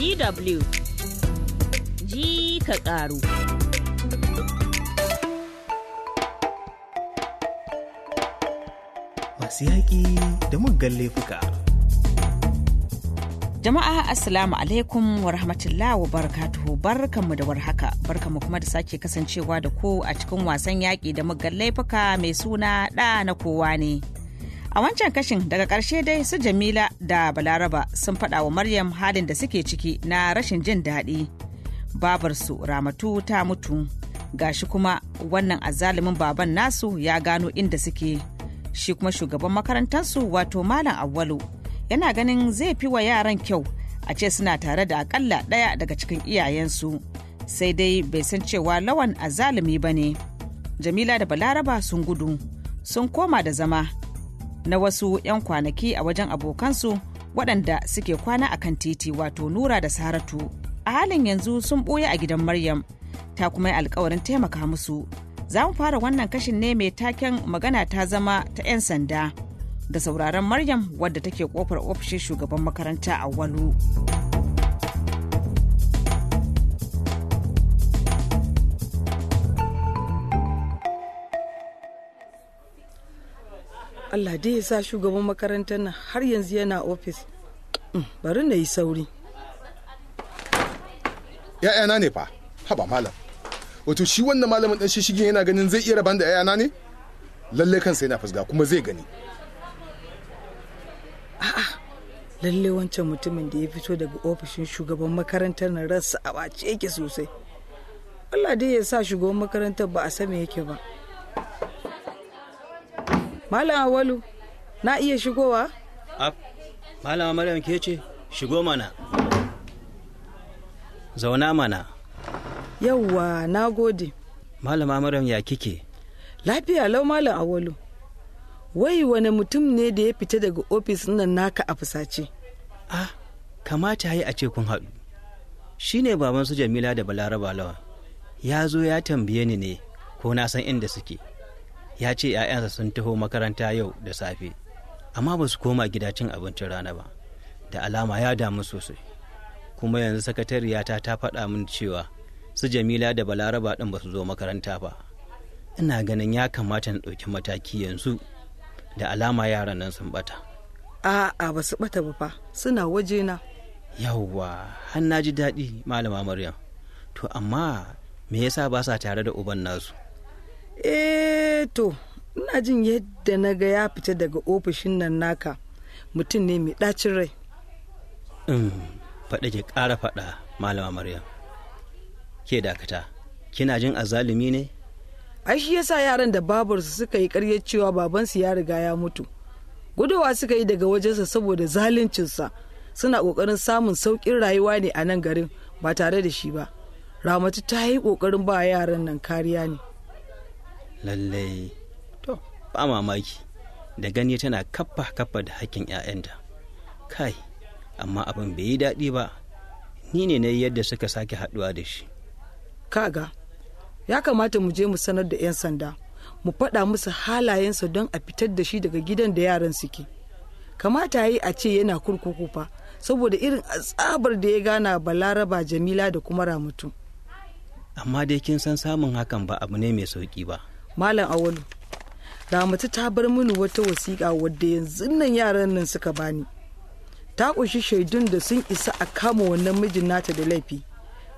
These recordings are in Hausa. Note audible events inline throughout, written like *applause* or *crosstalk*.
DW ji ka ƙaru. Masu yaƙi da muggan laifuka. Jama'a Assalamu alaikum wa rahmatullahi wa barakatuhu barkanmu da warhaka barkanmu kuma da sake kasancewa da ku a cikin wasan yaƙi da muggan laifuka mai suna ɗa na kowa ne. a wancan kashin daga ƙarshe dai su jamila da balaraba sun faɗa wa maryam halin da suke ciki na rashin jin daɗi babarsu ramatu ta mutu gashi kuma wannan azalimin baban nasu ya gano inda suke shi kuma shugaban makarantarsu wato malam awwalu yana ganin zai fi wa yaran kyau a ce suna tare da akalla ɗaya daga cikin iyayensu sai dai bai san cewa lawan azalumi ba ne jamila da balaraba sun gudu sun koma da zama na wasu 'yan kwanaki a wajen abokansu waɗanda suke kwana a kan titi wato nura da saratu a halin yanzu sun ɓoye a gidan maryam ta kuma yi alkawarin taimaka musu za mu fara wannan kashin ne mai taken magana ta zama ta 'yan sanda da sauraron maryam wadda take kofar ofishin shugaban makaranta a walu. Allah dai ya sa shugaban makarantar nan har yanzu yana ofis. Mm, bari na yi sauri. ‘Ya'yana ne fa, haba malam. Wato shi wannan malamin ɗan shishigin yana ganin zai iya rabar da ‘ya'yana ne? Lalle kansa yana fasga kuma zai gani. A'a, lalle wancan mutumin da ya fito daga ofishin shugaban makarantar nan rassa a ce yake sosai. Allah dai ya sa shugaban makarantar ba a sama yake ba. Malam Awalu, na iya shigowa? malama Malam Maryam ke ce, shigo mana. Zauna mana. Yawwa, na gode. Malama Maryam ya kike? Lafiya lau Malam Awalu. Wai wani mutum ne da ya fita daga ofis nan naka a fusace? Ah, kamata yi a ce kun haɗu. Shi ne baban su Jamila da Balaraba Lawa. Ya zo ya tambaye ni ne ko na san inda suke. ya ce 'ya'yansa sun taho makaranta yau da safe amma ba su koma gida cin abincin rana ba da alama ya damu sosai kuma yanzu sakatariyata ta faɗa min cewa su jamila da balaraba ɗin ba su zo makaranta ba ina ganin ya kamata na ɗauki mataki yanzu da alama yaran nan sun bata a'a ba su bata ba fa suna wajena yawwa har na ji daɗi malama maryam to amma me yasa ba sa tare da uban nasu eh to ina jin yadda na ga ya fita daga ofishin nan naka mutum ne mai ɗacin rai mm, faɗa ki ƙara faɗa malama maryam ke dakata kina jin azalumi ne ai shi yasa yaran da babarsu suka yi ƙaryar cewa babansu ya riga ya mutu gudowa suka yi daga wajensa saboda zaluncinsa suna ƙoƙarin samun sauƙin rayuwa ne a nan garin ba tare da shi ba ramatu ta yi ƙoƙarin ba yaran nan kariya ne lallai to ba mamaki da gani tana kaffa kaffa da hakkin 'ya'yanta kai amma abin bai yi daɗi ba ni ne na yadda suka sake haɗuwa da shi kaga ya kamata mu je mu sanar da 'yan sanda mu faɗa musu halayensa don a fitar da shi daga gidan da yaran suke kamata yi a ce yana kurkuku fa saboda irin tsabar da ya gana balaraba jamila da kuma ramatu amma dai kin san samun hakan ba abu ne mai sauƙi ba malam awalu ramatu ta bar mini wata wasiƙa wadda yanzu nan yaran nan suka bani ta ƙunshi shaidun da sun isa a kama wannan mijin nata da laifi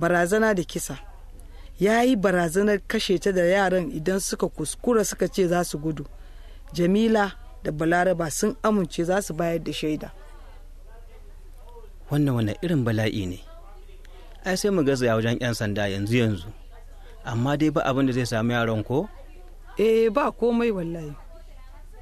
barazana da kisa ya yi barazanar kashe ta da yaran idan suka kuskura suka ce za su gudu jamila da balaraba sun amince za su bayar da shaida wannan wani irin bala'i ne ai sai mu gaza wajen 'yan sanda yanzu yanzu amma dai ba abin da zai samu yaron ko eh ba komai wallahi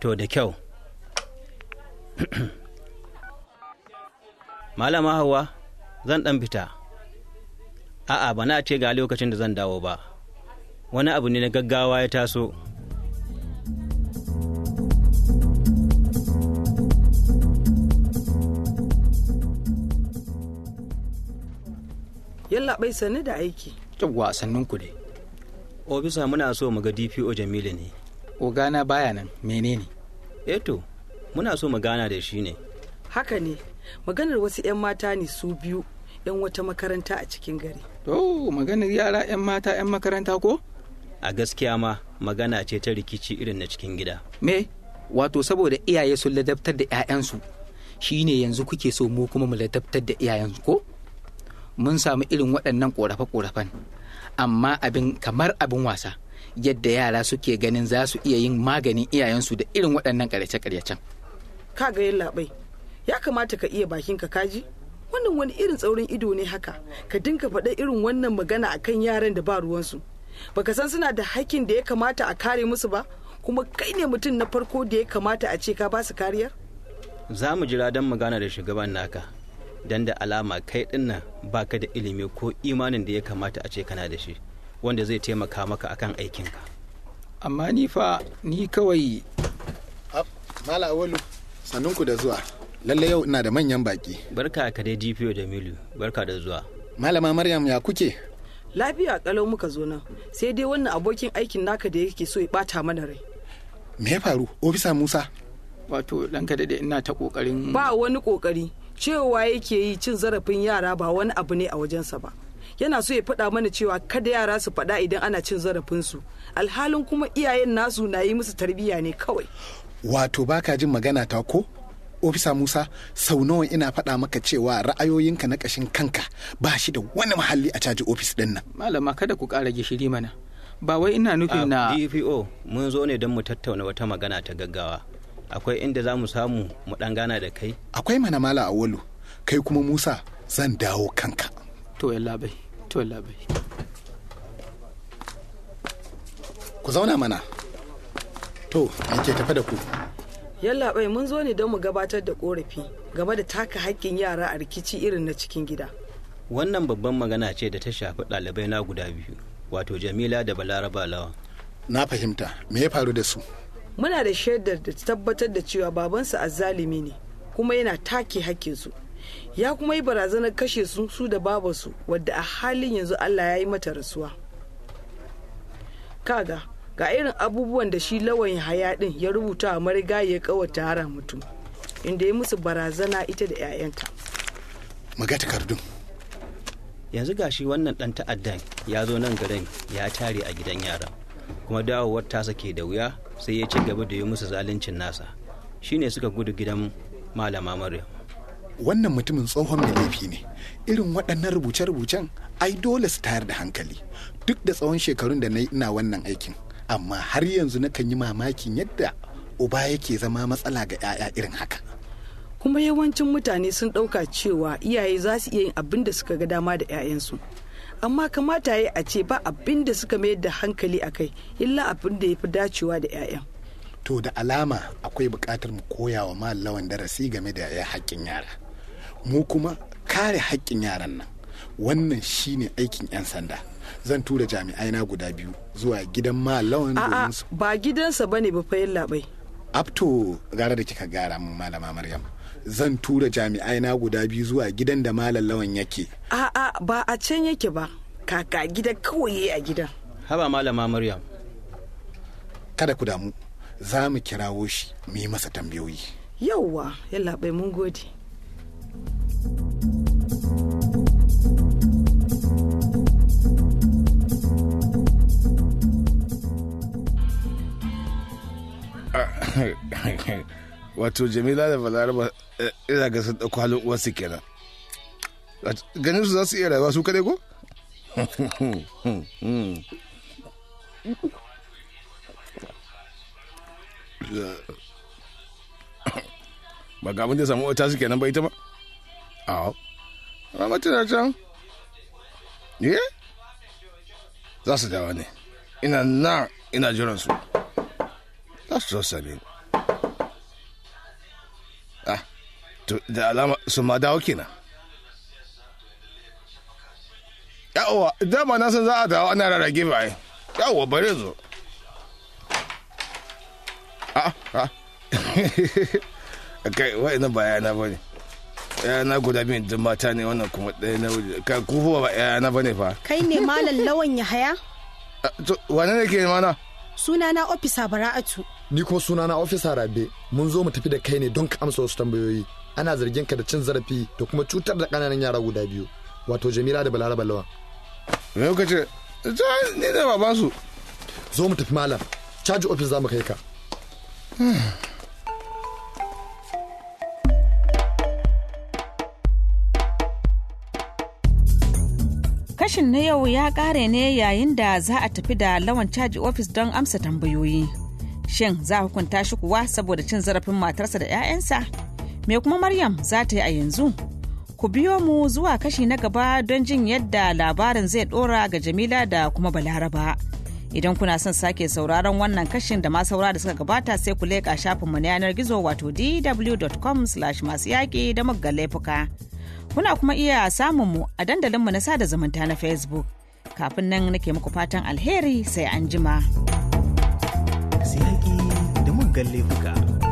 to da kyau malama hawa zan dan fita a'a ba na ce ga lokacin da zan dawo ba wani abu ne na gaggawa ya taso yallaɓai sannu da aiki yawwa sannun ku dai obisa muna so mu ga dpo jamilu ne ogana baya nan menene eto eh muna so mu gana da shi ne haka ne maganar wasu 'yan mata ne su biyu 'yan wata makaranta a cikin gari to maganar yara 'yan mata 'yan makaranta ko a gaskiya ma magana ce ta rikici irin na cikin gida me wato saboda iyaye sun ladabtar da 'ya'yansu shi ne yanzu kuke so mu kuma mu ladabtar da 'ya'yansu ko mun samu irin waɗannan ƙorafe-ƙorafen amma abin kamar abin wasa yadda yara suke ganin za su iya yin maganin iyayensu da irin waɗannan ƙaryace-ƙaryacen. Ka ga yin labai, ya kamata ka iya bakin ka kaji? Wannan wani irin tsaurin ido ne haka, ka dinka faɗa irin wannan magana akan yaran da ba ruwansu. Baka san suna da hakkin da ya kamata a kare musu ba, kuma kai ne mutum na farko da ya kamata a ce ka ba su kariyar? Za mu jira don magana da shugaban naka. dan da alama kai dinnan baka da ilimi ko imanin da ya kamata a ce kana da shi wanda zai taimaka maka akan aikinka amma ni fa ni kawai mala awalu sannunku da zuwa lalle yau ina da manyan baki barka ka dai da Milu. barka da zuwa malama maryam ya kuke lafiya kalau muka zo nan sai dai wannan abokin aikin naka da yake so ya bata mana rai me ya faru ofisa musa wato ɗanka da ina ta ƙoƙarin ba wani ƙoƙari cewa yake yi cin zarafin yara ba wani abu ne a wajensa ba yana so ya faɗa mana cewa kada yara su faɗa idan ana cin zarafin su alhalin kuma iyayen nasu na yi musu tarbiyya ne kawai wato baka jin magana ta ko ofisa musa sau nawa ina faɗa maka cewa ra'ayoyinka na ƙashin kanka ba shi da wani mahalli a caji ofis ɗin nan malama kada ku kara gishiri mana ba wai ina nufin ah, na dpo mun zo ne don mu tattauna wata magana ta gaggawa akwai inda za mu samu mu dan gana da kai akwai mana mala awalu kai kuma musa zan dawo kanka to bai, to bai. ku zauna mana to an ke tafe da ku yallaɓai mun zo ne don mu gabatar da korafi game da taka hakkin yara a rikici irin na cikin gida wannan babban magana ce da ta shafi ɗalibai na guda biyu wato jamila da balaraba lawa na fahimta me ya faru da su muna da shaidar da tabbatar da cewa babansa azzalimi ne kuma yana take hakkinsu ya kuma yi barazanar kashe su su da babansu wadda a halin yanzu allah ya yi mata rasuwa kaga ga irin abubuwan da shi lawan haya din ya rubuta a ya kawata hara mutum inda ya musu barazana ita da 'ya'yanta ga takardun yanzu gashi wannan dan ta'addan ya zo nan garin ya tare a gidan yaran kuma dawowar tasa ke da wuya sai ya ci gaba da yi musu zaluncin nasa shine suka gudu gidan malama maryam wannan mutumin tsohon mai laifi ne irin waɗannan rubuce-rubucen ai dole su tayar da hankali duk da tsawon shekarun da na yi ina wannan aikin amma har yanzu na kan yi mamakin yadda uba yake zama matsala ga 'ya'ya irin haka kuma yawancin mutane sun ɗauka cewa iyaye za su iya yin abin da suka ga dama da 'ya'yansu amma kamata ya a ce ba abin da suka mayar da hankali a kai illa abin da ya fi dacewa da 'ya'yan to da alama akwai buƙatar mu koya wa malawan darasi game da ya haƙƙin yara mu kuma kare haƙƙin yaran nan wannan shine aikin 'yan sanda zan tura jami'ai na guda biyu zuwa gidan malawan domin ba gidansa bane ba fa labai abto gara da kika gara mu malama maryam zan tura jami'ai na guda biyu zuwa gidan da malam lawan yake a'a ba a can yake ba kaka gida kawai a gidan haba malama maryam kada ku damu za mu kirawo shi mu yi masa tambayoyi yauwa yalla bai mun gode wato jamila da balaraba eh, ina ga sun ɗauko halin uwarsu kenan ganin su za su iya rayuwa su kaɗai ko ba ga abin da samu wata su kenan ba ita ba awo amma tana can ne? za su dawa ne ina na ina jiran su za su zo sami To da alama sun ma dawo kenan Yawwa, dama na san za a dawo ana rarrage baye Yawwa, bare zo a a *laughs* kai na ba na ba ne na guda min da mata ne wannan kuma ɗaya na waje ka kufa ba yana ba ne fa kai ne malam lawan ya haya To wane ne ke mana sunana ofisa bara'atu ni kuma sunana ofisa rabe mun zo mu tafi da kai ne don ka amsa wasu tambayoyi ana zargin ka da cin zarafi da kuma cutar da ƙananan yara guda biyu wato jamila da balaraba lawan me kuka ce ni da ba su zo mu tafi malam caji ofis za mu kai ka Kashin na yau ya kare ne yayin da za a tafi da lawan caji ofis don amsa tambayoyi. Shin za hukunta shi kuwa saboda cin zarafin matarsa da 'ya'yansa? Me kuma Maryam za ta yi a yanzu? Ku biyo mu zuwa kashi na gaba don jin yadda labarin zai ɗora ga Jamila da kuma Balaraba. Idan kuna son sake sauraron wannan kashin da ma saura da suka gabata sai ku leƙa shafinmu na yanar gizo wato dw.com masu yaƙi da muggan laifuka. Kuna kuma iya samun mu a dandalinmu na sada zumunta na Facebook. Kafin nan nake muku fatan alheri sai an jima. da muggan laifuka.